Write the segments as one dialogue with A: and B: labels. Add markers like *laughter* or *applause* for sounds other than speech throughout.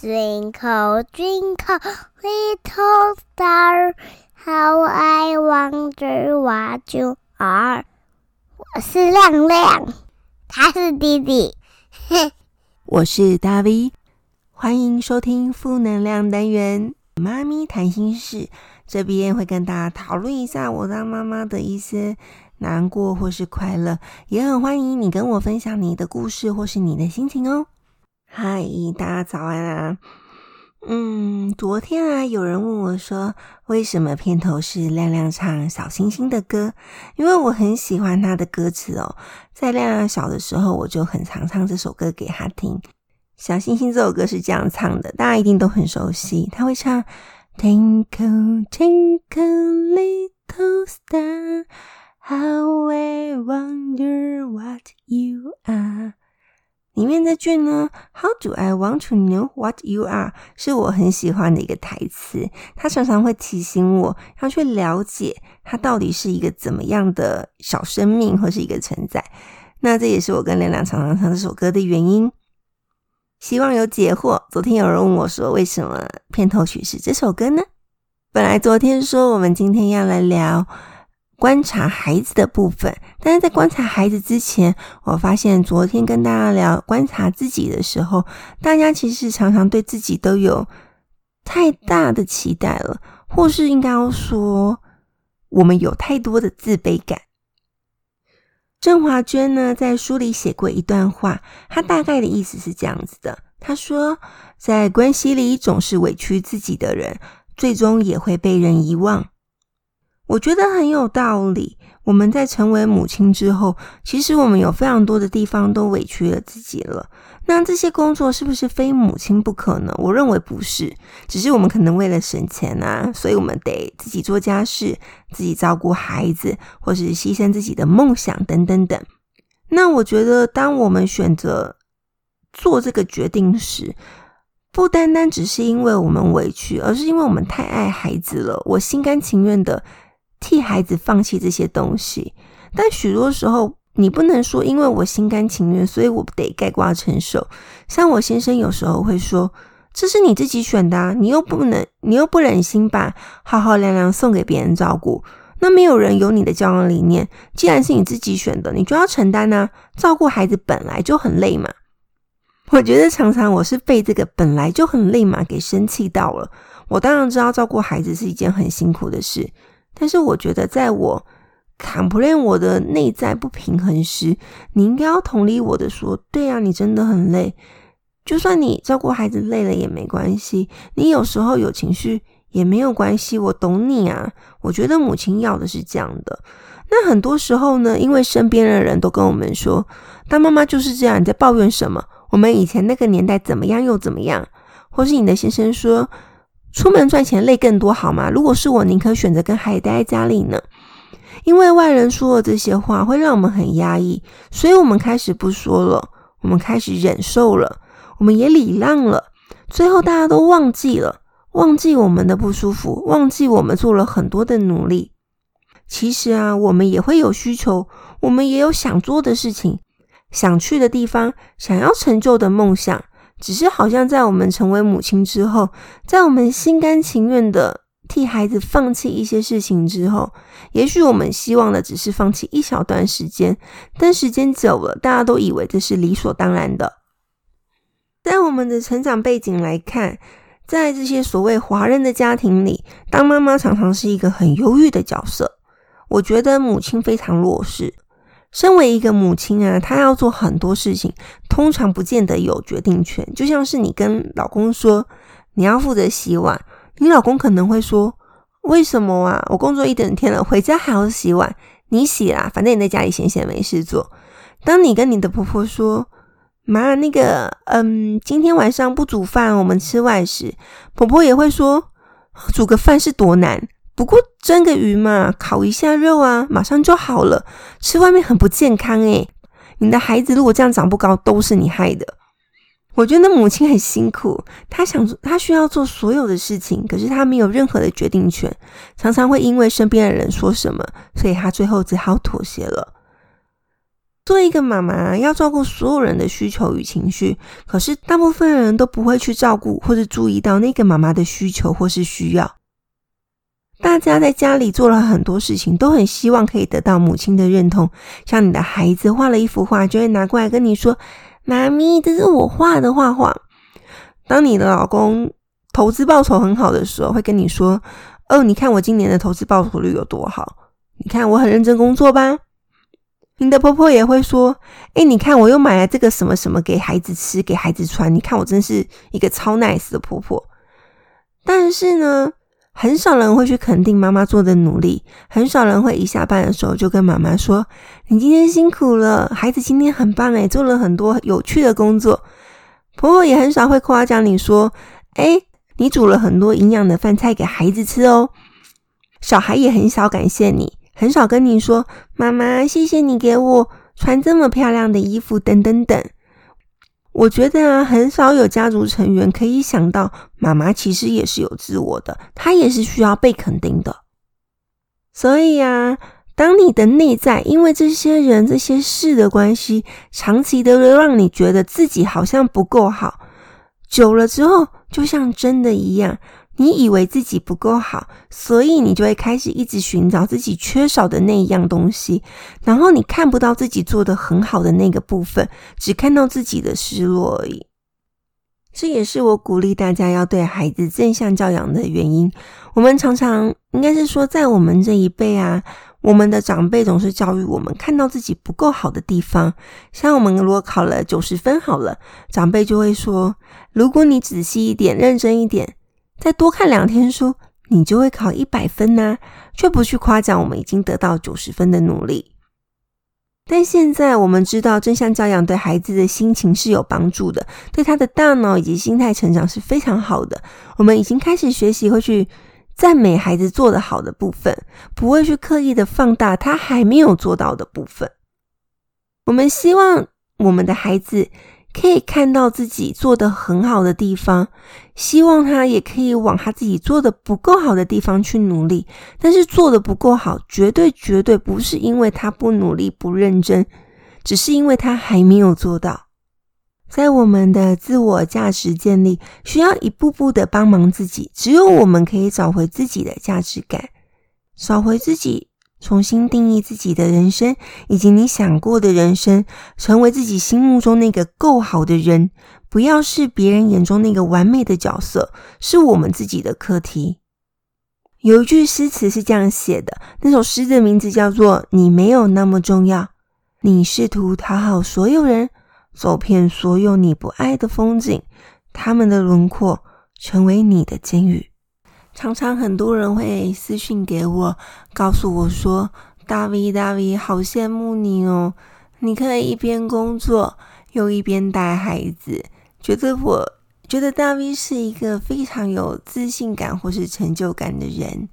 A: Drink, o drink, oh, little star, how I wonder what you are。我是亮亮，他是弟弟。哼， *laughs* 我是 David。歡迎收聽負能量單元，媽咪談心室。這邊會跟大家討論一下我當媽媽的一些難過或是快樂，也很歡迎你跟我分享你的故事或是你的心情哦。嗨，Hi，大家早安啊！嗯，昨天啊，有人問我說，為什麼片頭是亮亮唱《小星星》的歌？因為我很喜歡他的歌詞哦。在亮亮小的時候，我就很常唱這首歌給他聽。《小星星》這首歌是這樣唱的，大家一定都很熟悉。他會唱：Twinkle twinkle little star，How I wonder what you are。裡面這句呢，How do I want to know what you are？是我很喜歡的一個台詞，它常常會提醒我要去了解它到底是一個怎麼樣的小生命，或是一個存在。那這也是我跟亮亮常常唱這首歌的原因。希望有解惑。昨天有人問我說，為什麼片頭曲是這首歌呢？本來昨天說我們今天要來聊。觀察孩子的部分，但是在觀察孩子之前，我發現昨天跟大家聊觀察自己的時候，大家其實常常對自己都有太大的期待了，或是應該要說，我們有太多的自卑感。鄭華娟呢，在書裡寫過一段話，她大概的意思是這樣子的，她說，在關係裡總是委屈自己的人，最終也會被人遺忘。我覺得很有道理。我們在成為母親之後，其實我們有非常多的地方都委屈了自己了。那這些工作是不是非母親不可呢？我認為不是，只是我們可能為了省錢啊，所以我們得自己做家事，自己照顧孩子，或是犧牲自己的夢想等等等。那我覺得，當我們選擇做這個決定時，不單單只是因為我們委屈，而是因為我們太愛孩子了。我心甘情願的。替孩子放棄這些東西，但許多時候你不能說，因為我心甘情願，所以我得概括承受。像我先生有時候會說：“這是你自己選的啊，你又不能，你又不忍心把好好的送給別人照顧。那沒有人有你的教養理念，既然是你自己選的，你就要承擔呢。照顧孩子本來就很累嘛。”我覺得常常我是被這個本來就很累嘛給生氣到了。我當然知道照顧孩子是一件很辛苦的事。但是我覺得，在我 complain 我的內在不平衡時，你應該要同理我的說，對呀，你真的很累，就算你照顧孩子累了也沒關係，你有時候有情緒也沒有關係，我懂你啊。我覺得母親要的是這樣的。那很多時候呢，因為身邊的人都跟我們說，當媽媽就是這樣，你在抱怨什麼？我們以前那個年代怎麼樣又怎麼樣，或是你的先生說。出門賺錢累更多，好嗎？如果是我，寧可選擇跟孩子待在家裡呢。因為外人說了這些話，會讓我們很壓抑，所以我們開始不說了，我們開始忍受了，我們也禮讓了，最後大家都忘記了，忘記我們的不舒服，忘記我們做了很多的努力。其實啊，我們也會有需求，我們也有想做的事情，想去的地方，想要成就的夢想。只是好像在我們成為母親之後，在我們心甘情願的替孩子放棄一些事情之後，也許我們希望的只是放棄一小段時間，但時間久了，大家都以為這是理所當然的。在我們的成長背景來看，在這些所謂華人的家庭裡，當媽媽常常是一個很憂鬱的角色，我覺得母親非常弱勢。身為一個母親啊，她要做很多事情，通常不見得有決定權。就像是你跟老公說，你要負責洗碗，你老公可能會說：為什麼啊？我工作一整天了，回家還要洗碗，你洗啦，反正你在家裡閒閒沒事做。當你跟你的婆婆說媽，那個，嗯，今天晚上不煮飯，我們吃外食，婆婆也會說，煮個飯是多難。不過蒸個魚嘛，烤一下肉啊，馬上就好了。吃外面很不健康誒。你的孩子如果這樣長不高，都是你害的。我覺得那母親很辛苦，她想她需要做所有的事情，可是她沒有任何的決定權，常常會因為身邊的人說什麼，所以她最後只好妥協了。做一個媽媽，要照顧所有人的需求與情緒，可是大部分人都不會去照顧或是注意到那個媽媽的需求或是需要。大家在家裡做了很多事情，都很希望可以得到母親的認同。像你的孩子畫了一幅畫，就會拿過來跟你說：“媽咪，這是我畫的畫畫。”當你的老公投資報酬很好的時候，會跟你說：“哦，你看我今年的投資報酬率有多好？你看我很認真工作吧？”你的婆婆也會說：“哎，你看我又買了這個什麼什麼給孩子吃，給孩子穿。你看我真是一個超 nice 的婆婆。”但是呢，很少人會去肯定媽媽做的努力，很少人會一下班的時候就跟媽媽說：“你今天辛苦了，孩子今天很棒哎，做了很多有趣的工作。”婆婆也很少會誇獎你說：“哎、欸，你煮了很多營養的飯菜給孩子吃哦。”小孩也很少感謝你，很少跟你說：“媽媽，謝謝你給我穿這麼漂亮的衣服。”等等等。我覺得啊，很少有家族成員可以想到，媽媽其實也是有自我的，她也是需要被肯定的。所以啊，當你的內在因為這些人、這些事的關係，長期的讓你覺得自己好像不夠好，久了之後，就像真的一樣。你以為自己不夠好，所以你就會開始一直尋找自己缺少的那一樣東西，然後你看不到自己做得很好的那個部分，只看到自己的失落而已。這也是我鼓勵大家要對孩子正向教養的原因。我們常常應該是說，在我們這一輩啊，我們的長輩總是教育我們看到自己不夠好的地方。像我們如果考了九十分好了，長輩就會說：“如果你仔細一點，認真一點。”再多看兩天書，你就會考一百分吶啊！卻不去誇獎我們已經得到九十分的努力。但現在我們知道，正向教養對孩子的心情是有幫助的，對他的大腦以及心態成長是非常好的。我們已經開始學習，會去讚美孩子做得好的部分，不會去刻意的放大他還沒有做到的部分。我們希望我們的孩子。可以看到自己做得很好的地方，希望他也可以往他自己做的不夠好的地方去努力。但是做得不夠好，絕對絕對不是因為他不努力、不認真，只是因為他還沒有做到。在我們的自我價值建立，需要一步步的幫忙自己，只有我們可以找回自己的價值感，找回自己。重新定義自己的人生，以及你想過的人生，成為自己心目中那個夠好的人，不要是別人眼中那個完美的角色，是我們自己的課題。有一句詩詞是這樣寫的，那首詩的名字叫做《你沒有那麼重要》。你試圖討好所有人，走遍所有你不愛的風景，他們的輪廓成為你的監獄。常常很多人會私訊給我，告訴我說：“大 V，大 V，好羨慕你哦！你可以一邊工作又一邊帶孩子。”覺得我覺得大 V 是一個非常有自信感或是成就感的人，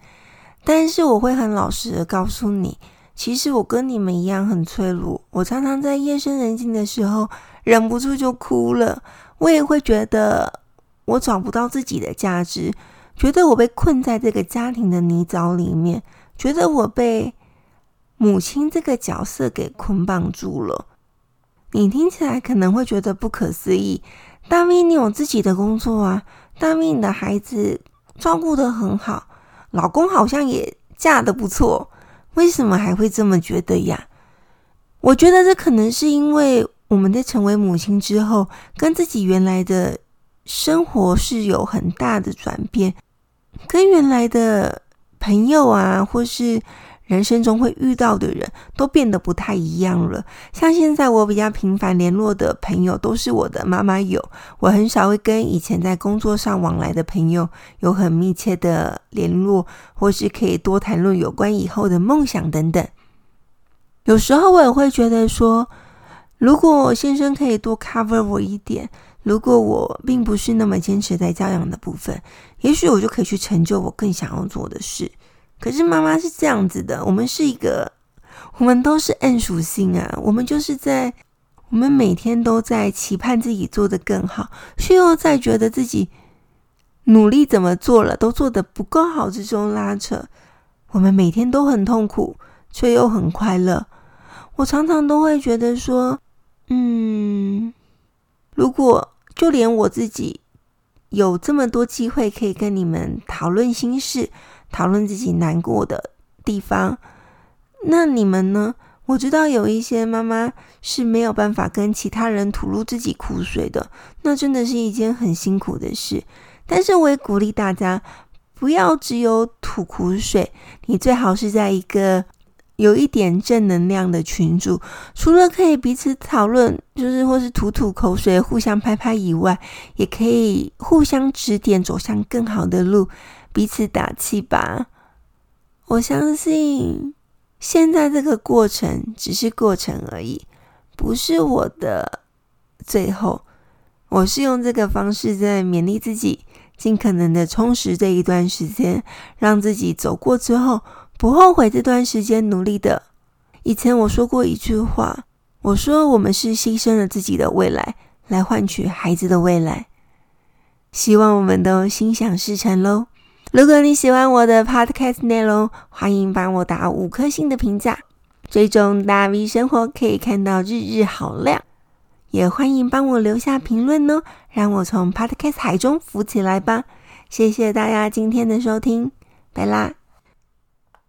A: 但是我會很老實地告訴你，其實我跟你們一樣很脆弱。我常常在夜深人靜的時候忍不住就哭了。我也會覺得我找不到自己的價值。覺得我被困在這個家庭的泥沼裡面，覺得我被母親這個角色給捆綁住了。你聽起來可能會覺得不可思議，媽咪，你有自己的工作啊，媽咪，你的孩子照顧得很好，老公好像也嫁得不錯，為什麼還會這麼覺得呀？我覺得這可能是因為我們在成為母親之後，跟自己原來的生活是有很大的轉變。跟原來的朋友啊，或是人生中會遇到的人都變得不太一樣了。像現在我比較頻繁聯絡的朋友，都是我的媽媽友。我很少會跟以前在工作上往來的朋友有很密切的聯絡，或是可以多談論有關以後的夢想等等。有時候我也會覺得說，如果先生可以多 cover 我一點。如果我並不是那麼堅持在教養的部分，也許我就可以去成就我更想要做的事。可是媽媽是這樣子的，我們是一個，我們都是 M 屬性啊，我們就是在，我們每天都在期盼自己做得更好，卻又在覺得自己努力怎麼做了都做得不夠好之中拉扯。我們每天都很痛苦，卻又很快樂。我常常都會覺得說，嗯。如果就連我自己有這麼多機會可以跟你們討論心事，討論自己難過的地方，那你們呢？我知道有一些媽媽是沒有辦法跟其他人吐露自己苦水的，那真的是一件很辛苦的事。但是我也鼓勵大家，不要只有吐苦水，你最好是在一個。有一點正能量的群組，除了可以彼此討論，就是或是吐吐口水、互相拍拍以外，也可以互相指點，走向更好的路，彼此打氣吧。我相信現在這個過程只是過程而已，不是我的最後。我是用這個方式在勉勵自己，盡可能的充實這一段時間，讓自己走過之後。不後悔這段時間努力的。以前我說過一句話，我說我們是犧牲了自己的未來，來換取孩子的未來。希望我們都心想事成嘍！如果你喜歡我的 podcast 內容，歡迎幫我打五顆星的評價。追蹤大 V 生活可以看到日日好亮，也歡迎幫我留下評論哦，讓我從 podcast 海中浮起來吧。謝謝大家今天的收聽，拜啦！